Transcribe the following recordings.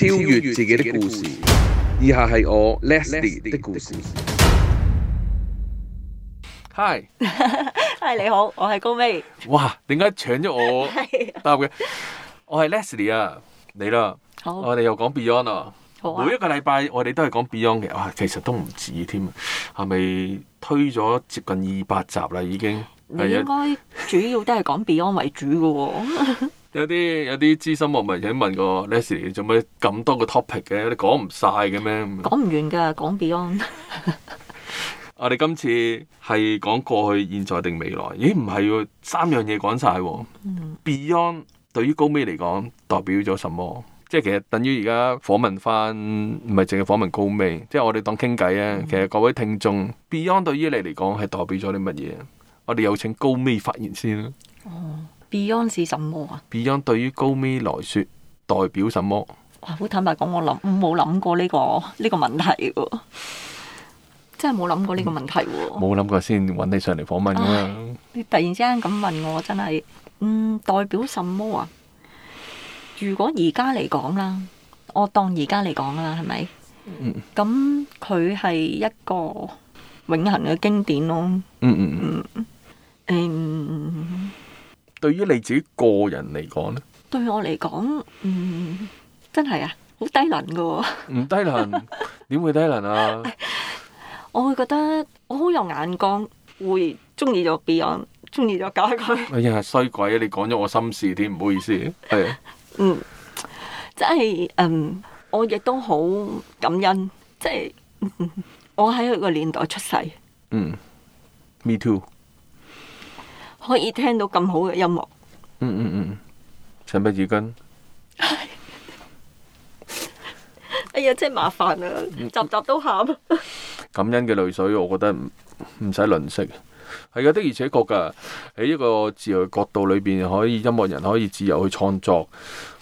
超越自己的故事，以下係我 Leslie 的故事。Hi，係你好， 我係高薇。哇，點解搶咗我答嘅？我係 Leslie 啊，你啦。我哋又講 Beyond 啊。Beyond 好啊，每一個禮拜我哋都係講 Beyond 嘅，哇、啊，其實都唔止添啊，係咪推咗接近二百集啦已經？你應該主要都係講 Beyond 為主嘅、哦， 有啲有啲資深網民請問過 Leslie，做咩咁多個 topic 嘅，你講唔晒嘅咩？講唔完噶，講 Beyond 。 我哋今次係講過去、現在定未來？咦，唔係喎，三樣嘢講晒。嗯、Beyond 對於高 May 嚟講，代表咗什麼？即係其實等於而家訪問翻，唔係淨係訪問高 May，即係我哋當傾偈啊。嗯、其實各位聽眾，Beyond 對於你嚟講係代表咗啲乜嘢？我哋有請高尾發言先啦。哦，Beyond 是什麼啊？Beyond 對於高尾來說代表什麼？哇，好坦白講，我諗冇諗過呢個呢個問題噶，真係冇諗過呢個問題喎。冇諗過先揾你上嚟訪問噶嘛？你突然之間咁問我，真係嗯，代表什麼啊？如果而家嚟講啦，我當而家嚟講啦，係咪？嗯嗯。咁佢係一個永恒嘅經典咯。嗯嗯嗯嗯。嗯，um, 對於你自己個人嚟講咧，對我嚟講，嗯、um,，真係啊，好低能噶、哦，唔 低能，點會低能啊？ 我會覺得我好有眼光，會中意咗 Beyond，中意咗家駒。 哎呀，衰鬼啊！你講咗我心事添，唔好意思，係 嗯、 um, 就是，即係嗯，我亦都好感恩，即、就、係、是 um, 我喺佢個年代出世，嗯、um,，me too。可以聽到咁好嘅音樂。嗯嗯嗯嗯，擤鼻跟？呃、哎呀，真係麻煩啊！集集、嗯、都喊、啊。感恩嘅淚水，我覺得唔使吝嗇。係啊，的而且確㗎。喺一個自由嘅角度裏邊，可以音樂人可以自由去創作，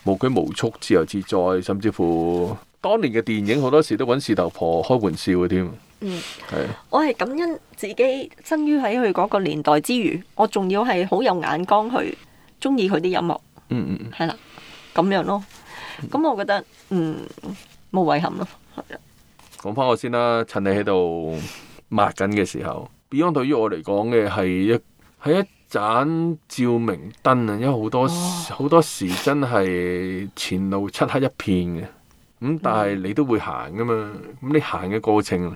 無拘無束，自由自在。甚至乎，當年嘅電影好多時都揾事頭婆開玩笑嘅添。嗯，啊、我係感恩自己生於喺佢嗰個年代之餘，我仲要係好有眼光去中意佢啲音樂，嗯嗯，係啦、啊，咁樣咯，咁我覺得，嗯，冇遺、嗯嗯、憾咯，係啊。講翻、啊、我先啦，趁你喺度抹緊嘅時候，Beyond 對於我嚟講嘅係一係一盞照明燈啊，因為好多好、哦、多時真係前路漆黑一片嘅。咁、嗯、但係你都會行噶嘛，咁你行嘅過程，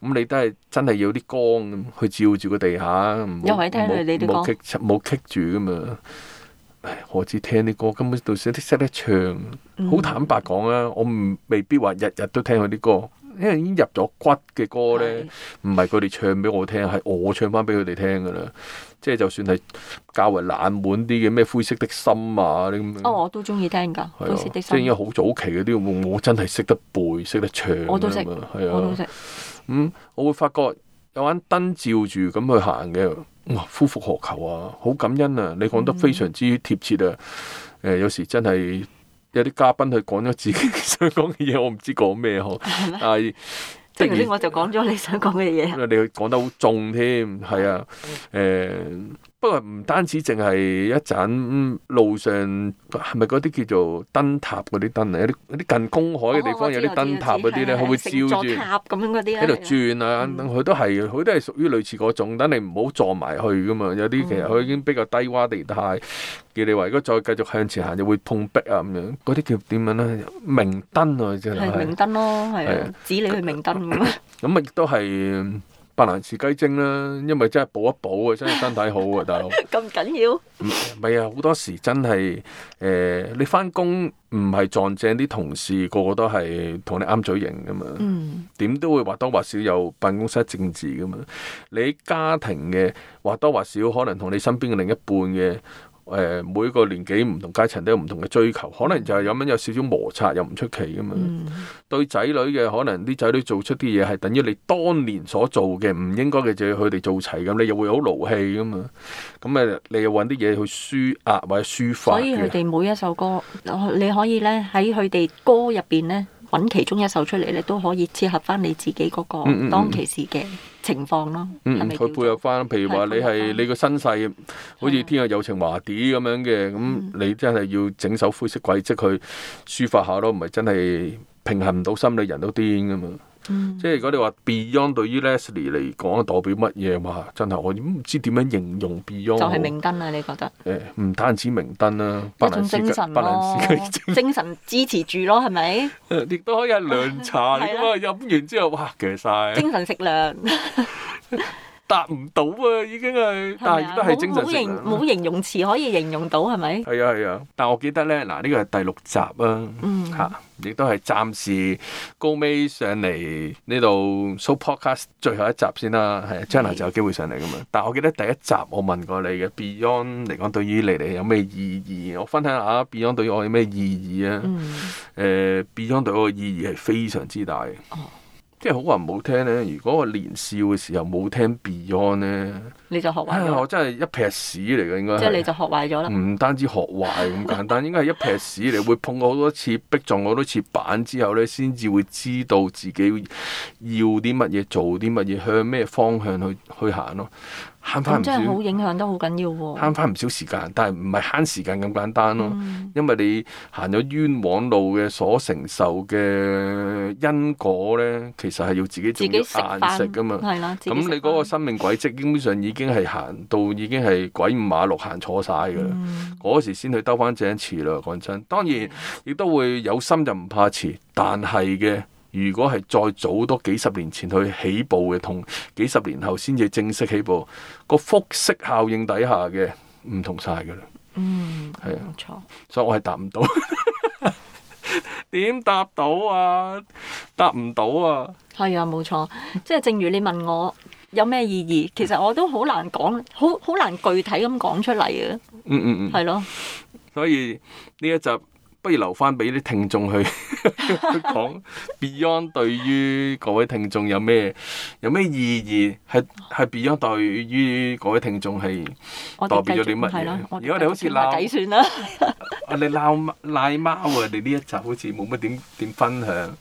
咁你都係真係要有啲光咁去照住個地下，冇冇冇棘住噶嘛唉？何止聽啲歌，根本到時啲識得唱，好、嗯、坦白講啊，我唔未必話日日都聽佢啲歌。因為已經入咗骨嘅歌咧，唔係佢哋唱俾我聽，係我唱翻俾佢哋聽噶啦。即係就算係較為冷門啲嘅咩灰色的心啊啲，你咁樣，哦，我都中意聽㗎。啊、即係應該好早期嗰啲，我真係識得背，識得唱。我都識，啊、我都識。咁、嗯、我會發覺有間燈照住咁去行嘅，哇！夫復何求啊！好感恩啊！你講得非常之貼切啊！誒、嗯呃，有時真係～有啲嘉賓佢講咗自己想講嘅嘢，我唔知講咩好，嗎但係是，即係嗰啲我就講咗你想講嘅嘢。因為 你講得好重添，係啊，誒、嗯。欸不過唔單止淨係一盞路上係咪嗰啲叫做燈塔嗰啲燈啊？有啲啲近公海嘅地方有啲燈塔嗰啲咧，佢、嗯、會燒住喺度轉啊！佢的都係佢都係屬於類似嗰種，等你唔好撞埋去噶嘛。有啲其實佢已經比較低窪地帶，叫、嗯、你話如果再繼續向前行，就會碰壁啊咁樣。嗰啲叫點樣咧？明燈啊，即係明燈咯，係指你去明燈咁啊。亦都係。 白蘭氏雞精啦，因為真係補一補啊，真係身體好啊， 大佬哥。咁緊要？唔，唔係啊！好多時真係誒、呃，你返工唔係撞正啲同事，個個都係同你啱嘴型㗎嘛。點、嗯、都會或多或少有辦公室政治㗎嘛。你家庭嘅或多或少可能同你身邊嘅另一半嘅。誒每一個年紀唔同階層都有唔同嘅追求，可能就係咁樣有少少摩擦又唔出奇噶嘛。嗯、對仔女嘅可能啲仔女做出啲嘢係等於你當年所做嘅，唔應該嘅就要佢哋做齊咁，你又會好勞氣噶嘛。咁誒，你又搵啲嘢去舒壓、啊、或者抒發。所以佢哋每一首歌，你可以咧喺佢哋歌入邊咧。揾其中一首出嚟咧，你都可以切合翻你自己嗰個當其時嘅情況咯。佢配合翻，譬如話你係你個身世，好似《天下有情華地》咁樣嘅，咁的你真係要整首灰色軌跡去抒發下咯，唔係真係平衡唔到心理，人都癲㗎嘛。即係、嗯、如果你話 Beyond 對於 Leslie 嚟講代表乜嘢嘛，真係我唔知點樣形容 Beyond。就係明燈啦、啊，我你覺得？誒、呃，唔單止明燈啦、啊，不種精神咯、啊。精神支持住咯，係咪 吧？亦都可以係涼茶嚟咯，飲 吧吧完之後，哇，其曬。精神食糧。 答唔到啊！已經係，是是但係都係精神上冇形容詞可以形容到，係咪？係啊係啊，但係我記得咧，嗱呢個係第六集啊，嚇亦、嗯啊、都係暫時高尾上嚟呢度 show podcast 最後一集先啦。係，將來就有機會上嚟㗎嘛。的但係我記得第一集我問過你嘅 Beyond 嚟講，對於你哋有咩意義？我分享下 Beyond 對於我有咩意義啊？誒、嗯呃、Beyond 對我嘅意義係非常之大。哦即係好話唔好聽咧，如果我年少嘅時候冇聽 Beyond 咧，你就學壞咗，哎。我真係一撇屎嚟嘅，應該。即係你就學壞咗啦。唔單止學壞咁簡單， 應該係一撇屎嚟，會碰過好多次，逼撞過好多次板之後咧，先至會知道自己要啲乜嘢，做啲乜嘢，向咩方向去去行咯。咁真係好影響都、啊，都好緊要喎。慳翻唔少時間，但係唔係慳時間咁簡單咯。嗯、因為你行咗冤枉路嘅，所承受嘅因果咧，其實係要自己要自己飯食飯噶嘛。咁、啊、你嗰個生命軌跡，基本上已經係行到已經係鬼五馬六行錯晒噶啦。嗰、嗯、時先去兜翻正一次啦。講真，當然亦都會有心就唔怕遲，但係嘅。如果係再早多幾十年前去起步嘅，同幾十年後先至正式起步，個複式效應底下嘅唔同晒㗎啦。嗯，係啊是，冇錯錯。所以我係答唔到，點 答到啊？答唔到啊？係啊，冇錯。即係正如你問我有咩意義，其實我都好難講，好好難具體咁講出嚟嘅。嗯嗯嗯，係咯。所以呢一集不如留翻俾啲聽眾去。講 Beyond 對於各位聽眾有咩有咩意義？係係 Beyond 對於各位聽眾係代表咗啲乜嘢？如果你好似撈計算啦，啊你撈奶貓啊！你呢一集好似冇乜點點分享，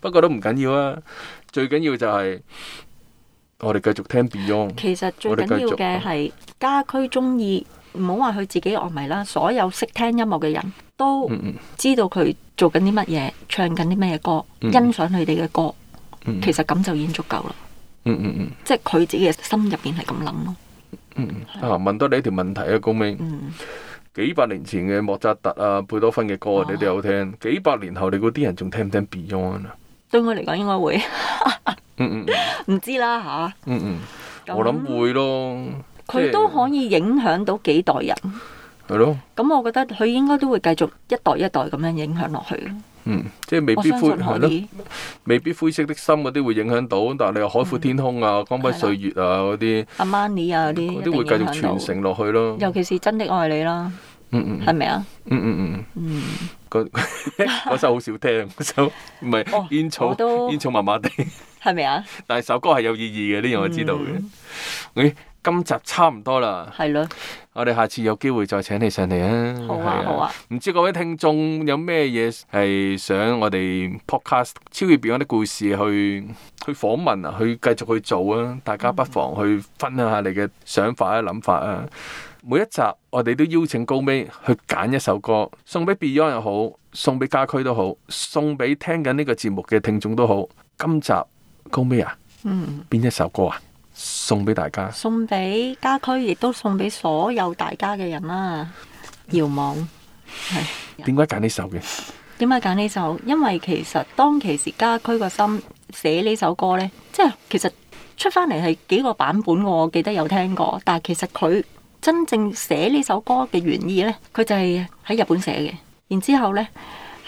不過都唔緊要啊！最緊要就係我哋繼續聽 Beyond。其實最緊要嘅係家駒中意，唔好話佢自己樂迷啦，所有識聽音樂嘅人都知道佢，做緊啲乜嘢？唱緊啲咩歌？欣賞佢哋嘅歌，其實咁就已經足夠啦。嗯嗯嗯，即係佢自己嘅心入邊係咁諗咯。嗯嗯，啊，問多你一條問題啊，高明，幾百年前嘅莫扎特啊、貝多芬嘅歌，你哋有聽？幾百年後你嗰啲人仲聽唔聽 Beyond 啊？對我嚟講，應該會。嗯嗯，唔知啦吓。嗯嗯，我諗會咯。佢都可以影響到幾代人。係咯，咁我覺得佢應該都會繼續一代一代咁樣影響落去嘅。嗯，即係未必灰，未必灰色的心嗰啲會影響到，但係你話海闊天空啊、光輝歲月啊嗰啲，阿瑪尼啊嗰啲，嗰啲會繼續傳承落去咯。尤其是真的愛你啦，嗯嗯，係咪啊？嗯嗯嗯，嗯，嗰嗰首好少聽，嗰首唔係煙草，煙草麻麻地，係咪啊？但係首歌係有意義嘅，呢樣我知道嘅。咦？今集差唔多啦，係咯的，我哋下次有機會再請你上嚟啊！好啊，的好啊！唔知各位聽眾有咩嘢係想我哋 podcast 超越 Beyond 啲故事去去訪問啊，去繼續去做啊！大家不妨去分享下你嘅想法啊、諗、嗯、法啊。每一集我哋都邀請高尾去揀一首歌，送俾 Beyond 又好，送俾家駒都好，送俾聽緊呢個節目嘅聽眾都好。今集高尾啊，嗯，邊一首歌啊？送俾大家，送俾家駒，亦都送俾所有大家嘅人啦、啊。遙望係點解揀呢首嘅？點解揀呢首？因為其實當其時家駒個心寫呢首歌呢，即係其實出翻嚟係幾個版本，我記得有聽過。但係其實佢真正寫呢首歌嘅原意呢，佢就係喺日本寫嘅。然之後咧，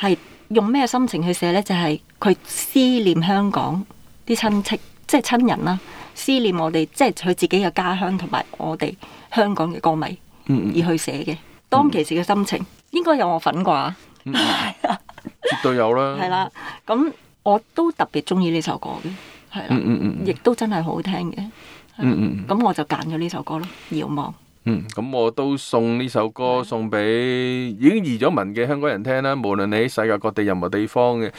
係用咩心情去寫呢？就係、是、佢思念香港啲親戚，即係親人啦、啊。思念我哋即係佢自己嘅家鄉同埋我哋香港嘅歌迷，而去寫嘅、嗯、當其時嘅心情，嗯、應該有我份啩？係啊、嗯， 絕對有啦。係啦，咁我都特別中意呢首歌嘅，係啦，亦、嗯嗯嗯、都真係好好聽嘅、嗯。嗯咁我就揀咗呢首歌咯，《遙望》。嗯，咁我都送呢首歌送俾已經移咗民嘅香港人聽啦。無論你喺世界各地任何地方嘅，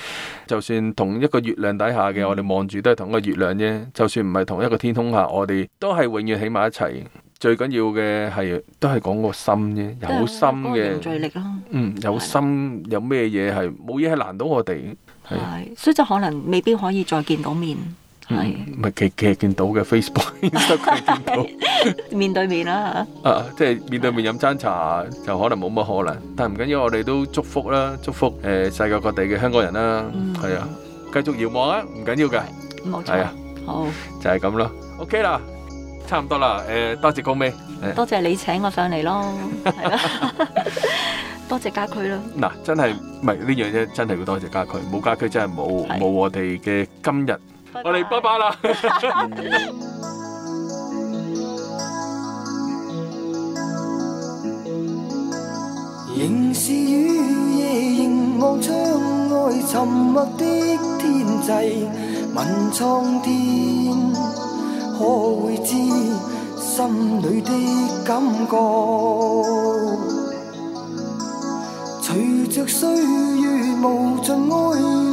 就算同一個月亮底下嘅，嗯、我哋望住都係同一個月亮啫。就算唔係同一個天空下，我哋都係永遠喺埋一齊。最緊要嘅係都係講個心啫，有心嘅力啦、啊。嗯，有心有咩嘢係冇嘢係難倒我哋係，所以就可能未必可以再見到面。係咪其其實見到嘅 Facebook 都見到面對面啦吓，啊即係面對面飲餐茶就可能冇乜可能，但係唔緊要，我哋都祝福啦，祝福誒世界各地嘅香港人啦，係啊，繼續遙望啊，唔緊要噶，冇錯，係啊，好就係咁啦，OK 啦，差唔多啦，誒多謝高尾，多謝你請我上嚟咯，係啊，多謝家駒咯，嗱真係唔係呢樣嘢，真係要多謝家駒，冇家駒真係冇冇我哋嘅今日。我哋拜拜啦。仍是雨夜，凝望窗外沉默的天際，問蒼天可會知心裡嘅感覺，隨著歲月無盡哀。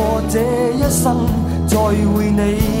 這一生再會你。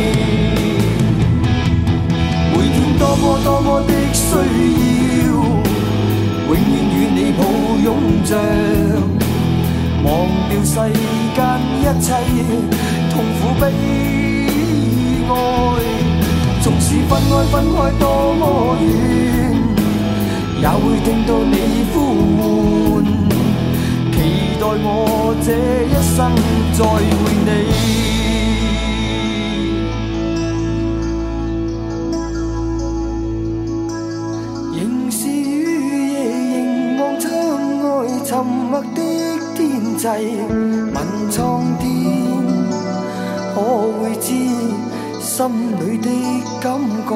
擁着，忘掉世間一切痛苦悲哀。縱使分開分開多麼遠，也會聽到你呼喚，期待我這一生再會你。問蒼天，可會知心裏的感覺？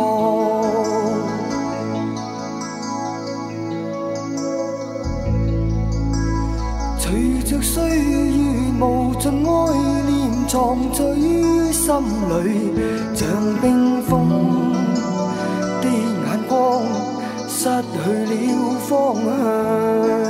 隨着歲月，無盡愛念藏在心裏，像冰封的眼光，失去了方向。